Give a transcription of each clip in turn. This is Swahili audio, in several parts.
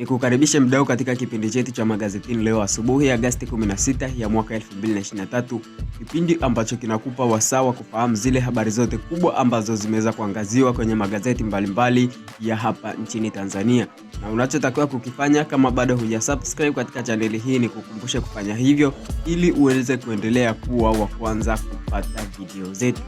ni kukaribishe mdau katika kipindi chetu cha magazetini leo asubuhi Agasti 16 ya mwaka 2023, kipindi ambacho kinakupa wasaa wa kufahamu zile habari zote kubwa ambazo zimeweza kuangaziwa kwenye magazeti mbalimbali mbali ya hapa nchini Tanzania, na unachotakiwa kukifanya kama bado huja subscribe katika chaneli hii ni kukumbushe kufanya hivyo ili uweze kuendelea kuwa wa kwanza kupata video zetu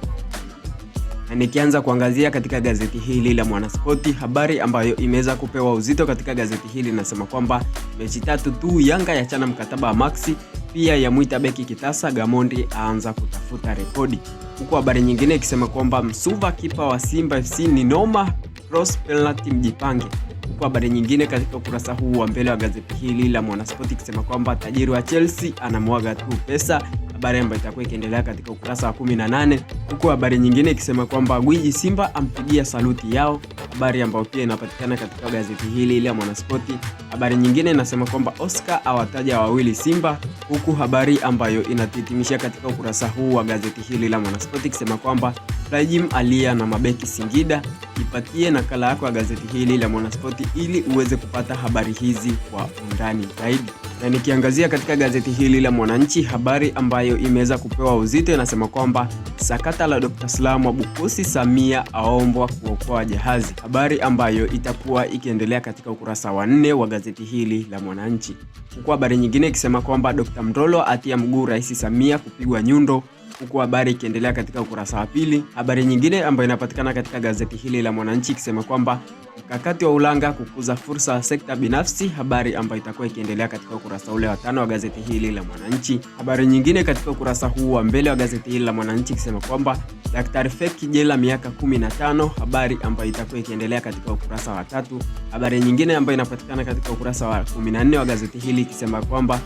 na nikianza kuangazia katika gazeti hili la Mwanaspoti, habari ambayo imeweza kupewa uzito katika gazeti hili inasema kwamba mechi tatu tu Yanga yachana mkataba wa Maxi, pia yamwita beki Kitasa, Gamondi aanza kutafuta rekodi, huku habari nyingine ikisema kwamba Msuva kipa wa Simba FC ni noma, cross penalty, mjipange huku habari nyingine katika ukurasa huu wa mbele wa gazeti hili la Mwanaspoti ikisema kwamba tajiri wa Chelsea anamwaga tu pesa habari ambayo itakuwa ikiendelea katika ukurasa wa 18, huku habari nyingine ikisema kwamba gwiji Simba ampigia saluti yao, habari ambayo pia inapatikana katika gazeti hili ile ya Mwanaspoti. Habari nyingine inasema kwamba Oscar awataja wawili Simba, huku habari ambayo inatuhitimisha katika ukurasa huu wa gazeti hili la Mwanaspoti ikisema kwamba Rajim alia na mabeki Singida. Ipatie nakala yako ya gazeti hili la Mwanaspoti ili uweze kupata habari hizi kwa undani zaidi. Na nikiangazia katika gazeti hili la Mwananchi, habari ambayo imeweza kupewa uzito inasema kwamba sakata la Dr. Slaa Mwabukusi, Samia aombwa kuokoa jahazi, habari ambayo itakuwa ikiendelea katika ukurasa wa nne wa gazeti hili la Mwananchi, huku habari nyingine ikisema kwamba Dr. Mrolo atia mguu Rais Samia kupigwa nyundo huku habari ikiendelea katika ukurasa wa pili. Habari nyingine ambayo inapatikana katika gazeti hili la Mwananchi ikisema kwamba mkakati wa Ulanga kukuza fursa ya sekta binafsi, habari ambayo itakuwa ikiendelea katika ukurasa ule wa tano wa gazeti hili la Mwananchi. Habari nyingine katika ukurasa huu wa mbele wa gazeti hili la Mwananchi ikisema kwamba Daktari Feki jela miaka 15, habari ambayo itakuwa ikiendelea katika ukurasa wa tatu. Habari nyingine ambayo inapatikana katika ukurasa wa 14 wa gazeti hili ikisema kwamba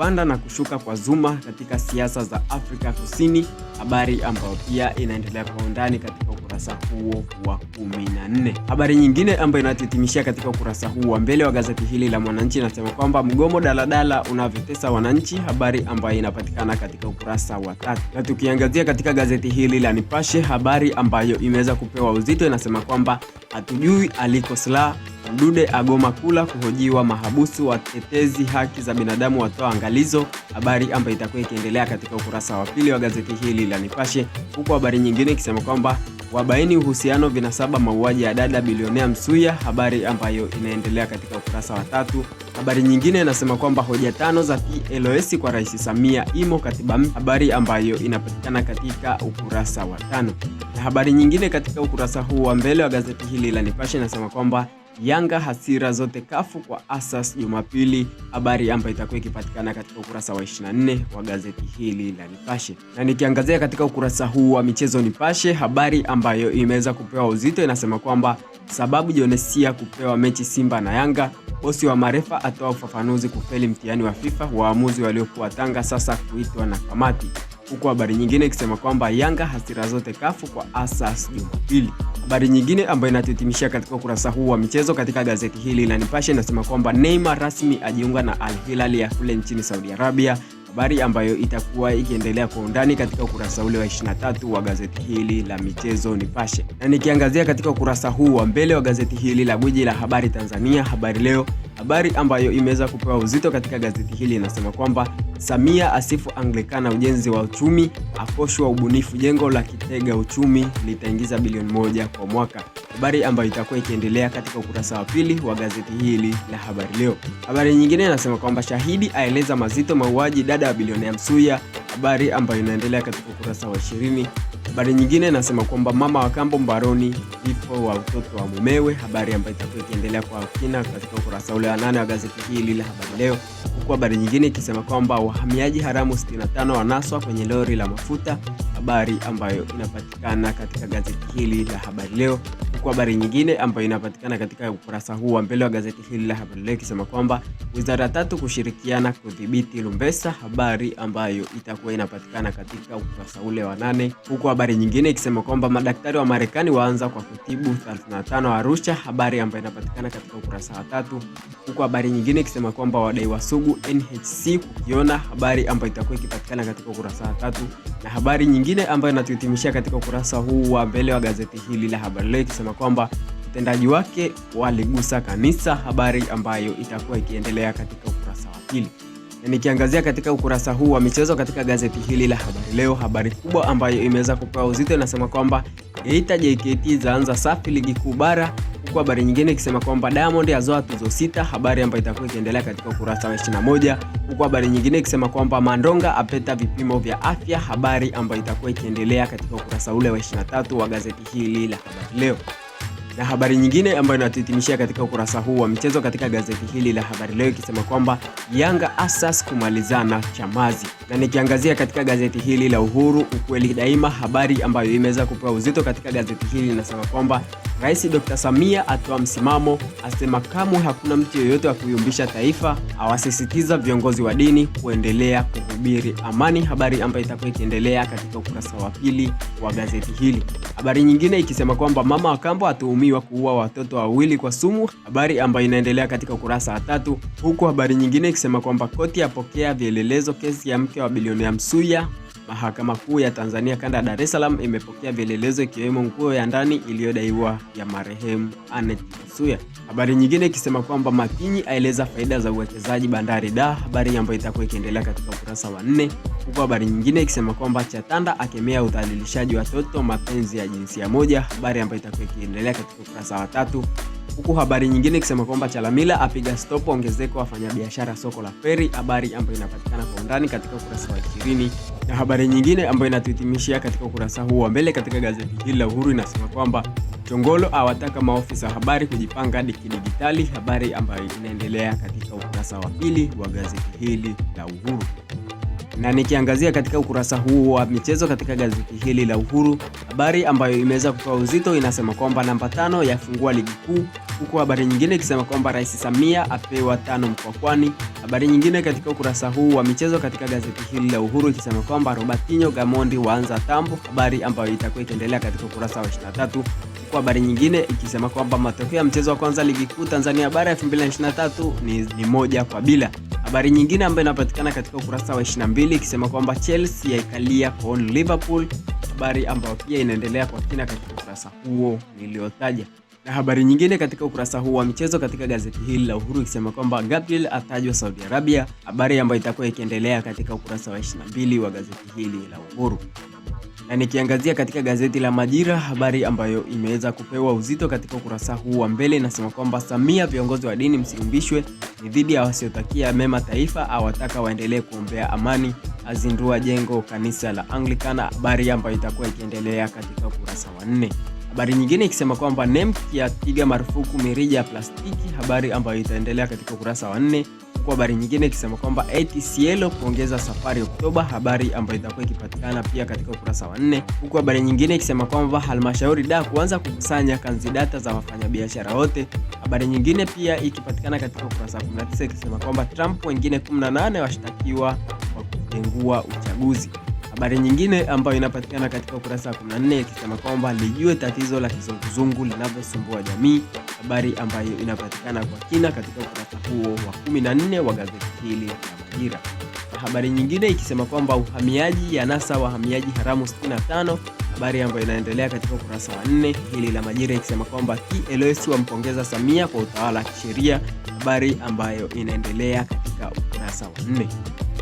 kupanda na kushuka kwa Zuma katika siasa za Afrika Kusini, habari ambayo pia inaendelea kwa undani katika ukurasa huo wa 14. Habari nyingine ambayo inatitimishia katika ukurasa huu wa mbele wa gazeti hili la Mwananchi inasema kwamba mgomo daladala unavyotesa wananchi, habari ambayo inapatikana katika ukurasa wa tatu. Na tukiangazia katika gazeti hili la Nipashe, habari ambayo imeweza kupewa uzito inasema kwamba hatujui aliko silaha Mdude agoma kula kuhojiwa mahabusu, watetezi haki za binadamu watoa angalizo, habari ambayo itakuwa ikiendelea katika ukurasa wa pili wa gazeti hili la Nipashe, huku habari nyingine ikisema kwamba wabaini uhusiano vinasaba mauaji ya dada bilionea Msuya, habari ambayo inaendelea katika ukurasa wa tatu. Habari nyingine inasema kwamba hoja tano za PLOS kwa Rais Samia imo katiba mpya, habari ambayo inapatikana katika ukurasa wa tano. Na habari nyingine katika ukurasa huu wa mbele wa gazeti hili la Nipashe inasema kwamba Yanga hasira zote kafu kwa Asas Jumapili, habari ambayo itakuwa ikipatikana katika ukurasa wa 24 wa gazeti hili la Nipashe. Na nikiangazia katika ukurasa huu wa michezo Nipashe, habari ambayo imeweza kupewa uzito inasema kwamba sababu Jonesia kupewa mechi Simba na Yanga, bosi wa marefa atoa ufafanuzi kufeli mtihani wa FIFA, waamuzi waliokuwa Tanga sasa kuitwa na kamati huku habari nyingine ikisema kwamba Yanga hasira zote kafu kwa Asas Jumapili. Habari nyingine ambayo inatuhitimishia katika ukurasa huu wa michezo katika gazeti hili la Nipashe inasema kwamba Neymar rasmi ajiunga na Al Hilal ya kule nchini Saudi Arabia, habari ambayo itakuwa ikiendelea kwa undani katika ukurasa ule wa 23 wa gazeti hili la michezo Nipashe. Na nikiangazia katika ukurasa huu wa mbele wa gazeti hili la gwiji la habari Tanzania, Habari Leo Habari ambayo imeweza kupewa uzito katika gazeti hili inasema kwamba Samia asifu Anglikana ujenzi wa uchumi, akoshwa ubunifu jengo la kitega uchumi litaingiza bilioni moja kwa mwaka, habari ambayo itakuwa ikiendelea katika ukurasa wa pili wa gazeti hili la Habari Leo. Habari nyingine inasema kwamba shahidi aeleza mazito mauaji dada ya bilionea Msuya, habari ambayo inaendelea katika ukurasa wa ishirini Habari nyingine inasema kwamba mama wa kambo mbaroni vifo wa utoto wa mumewe, habari ambayo itakuwa ikiendelea kwa kina katika ukurasa ule wa nane wa gazeti hili la Habari Leo, huku habari nyingine ikisema kwamba wahamiaji haramu 65 wanaswa kwenye lori la mafuta habari ambayo inapatikana katika gazeti hili la Habari Leo, huku habari nyingine ambayo inapatikana katika ukurasa huu wa mbele wa gazeti hili la Habari Leo ikisema kwamba wizara tatu kushirikiana kudhibiti lumbesa, habari ambayo itakuwa inapatikana katika ukurasa ule wa nane, huku habari nyingine ikisema kwamba madaktari wa Marekani waanza kwa kutibu 35 Arusha, habari ambayo inapatikana katika ukurasa wa tatu, huku habari nyingine ikisema kwamba wadaiwa sugu NHC kukiona, habari ambayo itakuwa ikipatikana katika ukurasa wa tatu na habari nyingine nyingine ambayo inatuhitimishia katika ukurasa huu wa mbele wa gazeti hili la habari leo, ikisema kwamba utendaji wake waligusa kanisa, habari ambayo itakuwa ikiendelea katika ukurasa wa pili. Na nikiangazia katika ukurasa huu wa michezo katika gazeti hili la habari leo, habari kubwa ambayo imeweza kupewa uzito inasema kwamba Geita JKT zaanza safi ligi kuu bara huku habari nyingine ikisema kwamba Diamond azoa tuzo sita, habari ambayo itakuwa ikiendelea katika ukurasa wa 21, huku habari nyingine ikisema kwamba Mandonga apeta vipimo vya afya, habari ambayo itakuwa ikiendelea katika ukurasa ule wa 23 wa gazeti hili la Habari Leo na habari nyingine ambayo inatuhitimishia katika ukurasa huu wa michezo katika gazeti hili la Habari Leo ikisema kwamba Yanga asas kumalizana Chamazi, na nikiangazia katika gazeti hili la Uhuru ukweli daima, habari ambayo imeweza kupewa uzito katika gazeti hili inasema kwamba Rais Dr. Samia atoa msimamo, asema kamwe hakuna mtu yeyote wa kuyumbisha taifa, awasisitiza viongozi wa dini kuendelea kuhubiri amani, habari ambayo itakuwa ikiendelea katika ukurasa wa pili wa gazeti hili. Habari nyingine ikisema kwamba mama wa kambo atuhumiwa kuua watoto wawili kwa sumu, habari ambayo inaendelea katika ukurasa wa tatu, huku habari nyingine ikisema kwamba koti yapokea vielelezo kesi ya mke wa bilionea Msuya, Mahakama Kuu ya Tanzania kanda ya Dar es Salaam imepokea vielelezo ikiwemo nguo ya ndani iliyodaiwa ya marehemu Aneth Msuya. Habari nyingine ikisema kwamba Makinyi aeleza faida za uwekezaji bandari Dar, habari ambayo itakuwa ikiendelea katika ukurasa wa nne, huku habari nyingine ikisema kwamba Chatanda akemea udhalilishaji watoto mapenzi ya jinsia moja, habari ambayo itakuwa ikiendelea katika ukurasa wa tatu huku habari nyingine ikisema kwamba Chalamila apiga stop ongezeko wafanyabiashara soko la Feri, habari ambayo inapatikana kwa undani katika ukurasa wa ishirini na habari nyingine ambayo inatuhitimishia katika ukurasa huu wa mbele katika gazeti hili la Uhuru inasema kwamba Chongolo awataka maofisa wa habari kujipanga hadi kidigitali, habari ambayo inaendelea katika ukurasa wa pili wa gazeti hili la Uhuru. Na nikiangazia katika ukurasa huu wa michezo katika gazeti hili la Uhuru, habari ambayo imeweza kupewa uzito inasema kwamba namba tano yafungua ligi kuu, huku habari nyingine ikisema kwamba Rais Samia apewa tano Mkwakwani. Habari nyingine katika ukurasa huu wa michezo katika gazeti hili la Uhuru ikisema kwamba Robertinho Gamondi waanza tambo, habari ambayo itakuwa ikiendelea katika ukurasa wa 23 huku habari nyingine ikisema kwamba matokeo ya mchezo wa kwanza ligi kuu Tanzania bara 2023 ni, ni moja kwa bila. Habari nyingine ambayo inapatikana katika ukurasa wa 22 ikisema kwamba Chelsea yaikalia kooni Liverpool, habari ambayo pia inaendelea kwa kina katika ukurasa huo niliyotaja. Na habari nyingine katika ukurasa huu wa michezo katika gazeti hili la Uhuru ikisema kwamba Gabriel atajwa Saudi Arabia, habari ambayo itakuwa ikiendelea katika ukurasa wa 22 wa gazeti hili la Uhuru. Na nikiangazia katika gazeti la Majira, habari ambayo imeweza kupewa uzito katika ukurasa huu wa mbele inasema kwamba Samia, viongozi wa dini msiumbishwe, ni dhidi ya wasiotakia mema taifa, awataka waendelee kuombea amani, azindua jengo kanisa la Anglikana, habari ambayo itakuwa ikiendelea katika ukurasa wa nne. Habari nyingine ikisema kwamba NEMC yapiga marufuku mirija ya plastiki, habari ambayo itaendelea katika ukurasa wa nne huku habari nyingine ikisema kwamba ATCL kuongeza safari Oktoba, habari ambayo itakuwa ikipatikana pia katika ukurasa wa nne, huku habari nyingine ikisema kwamba halmashauri da kuanza kukusanya kanzidata za wafanyabiashara wote, habari nyingine pia ikipatikana katika ukurasa wa 19 ikisema kwamba Trump wengine 18 washtakiwa kwa kutengua uchaguzi. Habari nyingine ambayo inapatikana katika ukurasa wa 14 ikisema kwamba lijue tatizo la kizunguzungu linavyosumbua jamii habari ambayo inapatikana kwa kina katika ukurasa huo wa 14 wa gazeti hili la Majira, na habari nyingine ikisema kwamba uhamiaji ya nasa wahamiaji haramu 65 habari ambayo inaendelea katika ukurasa wa nne hili la Majira ikisema kwamba TLS wampongeza Samia kwa utawala wa kisheria, habari ambayo inaendelea katika ukurasa wa nne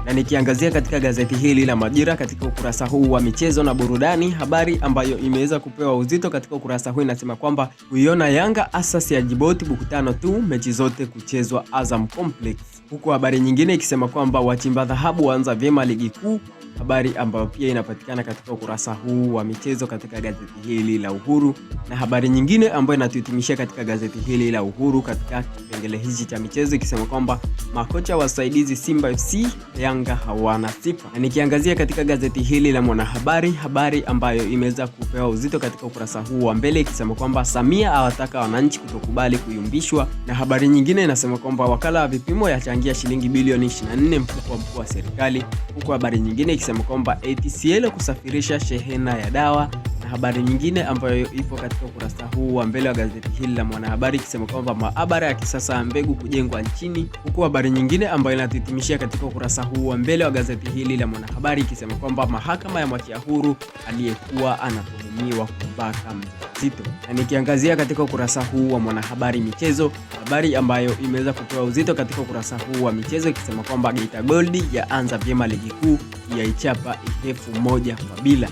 na nikiangazia katika gazeti hili la Majira katika ukurasa huu wa michezo na burudani, habari ambayo imeweza kupewa uzito katika ukurasa huu inasema kwamba kuiona Yanga asasi ya Jiboti bukutano tu, mechi zote kuchezwa Azam Complex, huku habari nyingine ikisema kwamba wachimba dhahabu waanza vyema ligi kuu habari ambayo pia inapatikana katika ukurasa huu wa michezo katika gazeti hili la Uhuru, na habari nyingine ambayo inatuhitimishia katika gazeti hili la Uhuru katika kipengele hichi cha michezo ikisema kwamba makocha wasaidizi Simba FC, Yanga hawana sifa. Na nikiangazia katika gazeti hili la Mwanahabari, habari ambayo imeweza kupewa uzito katika ukurasa huu wa mbele ikisema kwamba Samia awataka wananchi kutokubali kuyumbishwa, na habari nyingine inasema kwamba wakala wa vipimo yachangia shilingi bilioni 24 mfuko wa mkuu wa serikali, huku habari nyingine akisema kwamba ATCL kusafirisha shehena ya dawa Habari nyingine ambayo ipo katika ukurasa huu wa mbele wa gazeti hili la Mwanahabari ikisema kwamba maabara ya kisasa ya mbegu kujengwa nchini, huku habari nyingine ambayo inatuhitimishia katika ukurasa huu wa mbele wa gazeti hili la Mwanahabari ikisema kwamba mahakama ya mwachia huru aliyekuwa anatuhumiwa kubaka mjamzito. Na nikiangazia katika ukurasa huu wa Mwanahabari michezo, habari ambayo imeweza kupewa uzito katika ukurasa huu wa michezo ikisema kwamba Geita Gold yaanza vyema ligi kuu yaichapa Ihefu moja kwa bila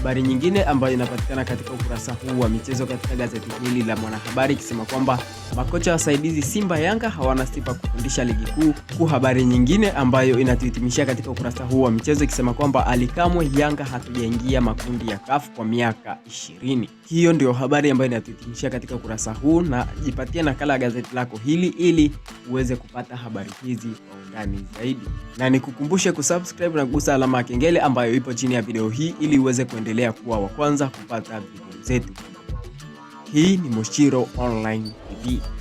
Habari nyingine ambayo inapatikana katika ukurasa huu wa michezo katika gazeti hili la Mwanahabari ikisema kwamba makocha wasaidizi Simba Yanga hawana sifa kufundisha ligi kuu kuu. Habari nyingine ambayo inatuhitimishia katika ukurasa huu wa michezo ikisema kwamba Alikamwe, Yanga hatujaingia makundi ya CAF kwa miaka 20. Hiyo ndio habari ambayo inatuhitimishia katika ukurasa huu, na jipatie nakala ya gazeti lako hili ili uweze kupata habari hizi kwa undani zaidi, na nikukumbushe kusubscribe na kugusa alama ya kengele ambayo ipo chini ya video hii ili uweze kuendelea kuendelea kuwa wa kwanza kupata video zetu. Hii ni Moshiro Online TV.